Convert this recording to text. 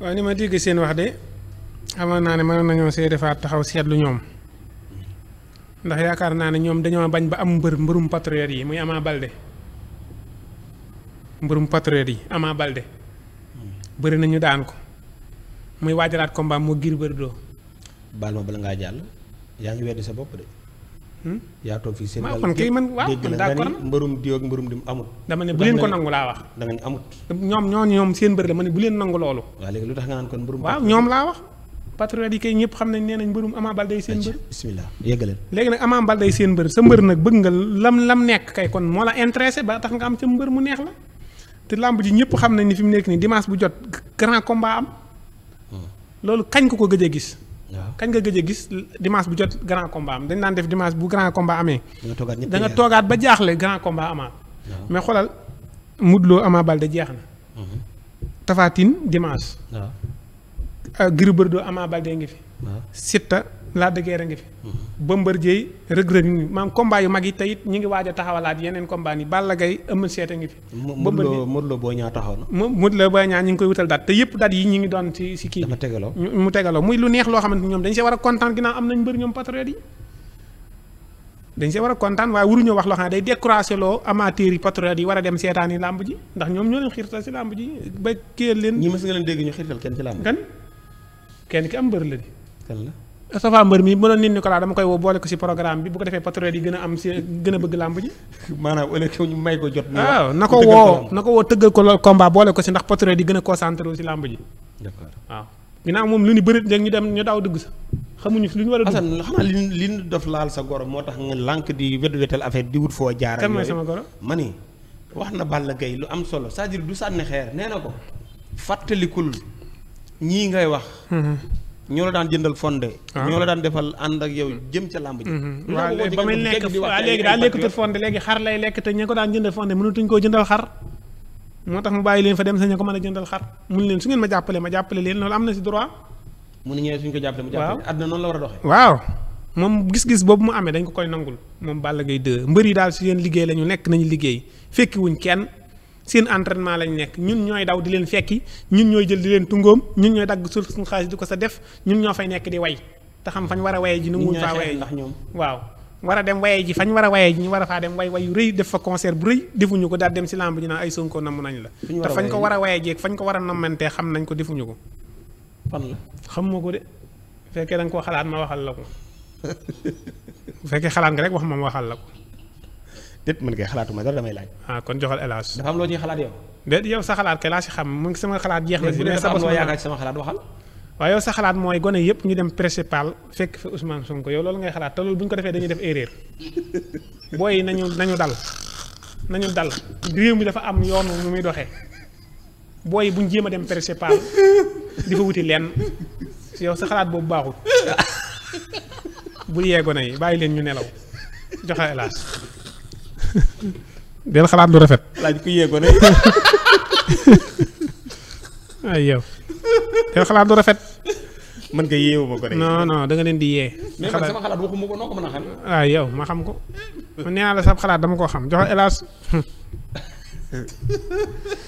waaye ni ma dégg seen wax de xamal naa ne mënoon nañoo see defaat taxaw seetlu ñoom ndax yaakaar naa ne ñoom dañoo bañ ba am mbër mbërum patriote yi muy Ama Balde mbërum patriote yi Ama Balde bëri nañu daan ko muy waajaraat ko mbaam mu giir Gris Bordeaux baal ma bala ngaa jàll yaa ngi weddi sa bopp de. Hmm? yaa toog fii Sénégal man kay man waaw dégg na nga ni mbërum diw ak mbërum dim amul dama ne bu leen ko nangu laa wax da nga ni amut ñoom ñoom seen bëri la ma ne bu leen nangu loolu waaw léegi lu tax nga naan kon mbër nekk kay kon moo ba tax nga am ca mbër mu neex la te làmb ji ñëpp xam nañ ni fi mu nekk ni dimanche bu jot grand combat am hmm. loolu kañ ko ko gëj a gis kañ nga gëj a gis dimanche bu jot grand combat am dañ naan def dimanche bu grand combat amee. da nga toogaat ba jaaxle grand combat amaat. mais xoolal Modou Lo Ama Baldé jeex na. Mhm. Tapha Tine dimanche. Euh, Gris Bordeaux Ama Baldé ngi fi. Siteu laa dëggee a ngi fi. Bombardier rëg-rëg ñu maam combat yu mag yi tey it ñu ngi waaj a taxawalaat yeneen combat yi Balla Gaye Eumeu Sène a ngi fi. Bombardier Modou Lo Boy Niang taxaw na. Modou Lo Boy Niang ñu yëpp daat yi ñu ngi doon ci ci kii. mu tegaloo muy lu neex loo xamante ni ñoom dañ see war a kontaan ginnaaw am nañ mbër ñoom patriotes yi. dañ see war a kontaan waaye waruñoo wax loo xam ne day décourager loo amateurs yi patriotes yi war a dem seetaani làmb ji ndax ñoom ñoo leen xiirtal si làmb ji ba kii leen. ñi mës nga leen dégg ñu xiirtal kenn ci kenn ki am mbër la di. kan la Moustapha Mbër mi mënoon nit ni ko laa dama koy woo boole ko si programme bi bu ko defee patriote yi gën a am si gën a bëgg làmb ji. maanaam wala ñu may ko jot. waaw ah, na ko woo na ko woo tëggal ko combat boole ko si ndax patriote yi gën a ko wu si làmb ji. ñu bëri rek ñu dem ñu daaw dugg sa fi lu ñu war a dugg. Assane xanaa li li ñu goro moo tax nga di wet wetal affaire di wut foo jaar. kan mooy sama goro ma ni wax na Balla Gaye lu am solo sa à dire du sànni xeer nee na ko fàttalikul ñii ngay wax mm-hmm. ñoo la daan jëndal fonde ah. ñoo la daan defal ànd ak yow jëm ca làmb ji mhm. waaw ba muy lekk waaw léegi daa lekkatul fonde léegi xar lay lekk te ña ko daan jëndal fonde mënatuñ koo jëndal xar moo tax mu bàyyi leen fa dem sa ko mën a jëndal xar mu leen su ngeen ma jàppale ma jàppale leen loolu am na si droit mu ne ñëwee suñ ko jàppale mu jàppale àddina noonu la war a doxee waaw moom gis-gis boobu mu amee dañ ko koy nangul moom Balla Gaye 2 mbër yi daal si yéen liggéey la ñu nekk nañu liggéey fekkiwuñ kenn seen entraînement lañ nekk ñun ñooy daw di leen fekki ñun ñooy jël di leen tungoom ñun ñooy dagg suuf suñu xaalis di ko sa def ñun ñoo fay nekk di way te xam fañ war a waye ji nu mu faa waye ji waaw war a dem waye ji fañ war a waye ñu war a faa dem way way yu rëy def fa concert bu rëy ko daal dem si lamb ñu naan ay Sonko namm nañ la te fañ ko war a waye jeeg fañ ko war a nammantee xam nañ ko defuñu ko fan xam ma ko de fekkee da koo xalaat ma waxal la ko bu fekkee xalaat nga rek wax ma waxal la ko déet man kay xalaatuma dara damay laaj. Ah, kon joxal El Hadj. loo ciy xalaat yow. déet yow sa xalaat kay laa si xam mu ngi sama xalaat jeex na si. mais sama yaakaar sama xalaat waxal. waaw yow sa xalaat mooy gone yëpp ñu dem principal fekk fi Ousmane Sonko yow loolu ngay xalaat te loolu bu ñu ko defee dañuy def erreur booy nañu nañu dal nañu dal réew mi dafa am yoon mu muy doxe booy bu ñu jéem a dem principal di fa wuti lenn yow sa xalaat boobu baaxul bu yee gone yi bàyyi leen ñu nelaw joxe El deel xalaat lu rafet. laaj ku yéego yow xalaat lu rafet. mën nga yeewu ma ko de. non non da nga leen di yee. mais man yow ma xam ko. nee naa la sab xalaat dama koo xam jox hélas.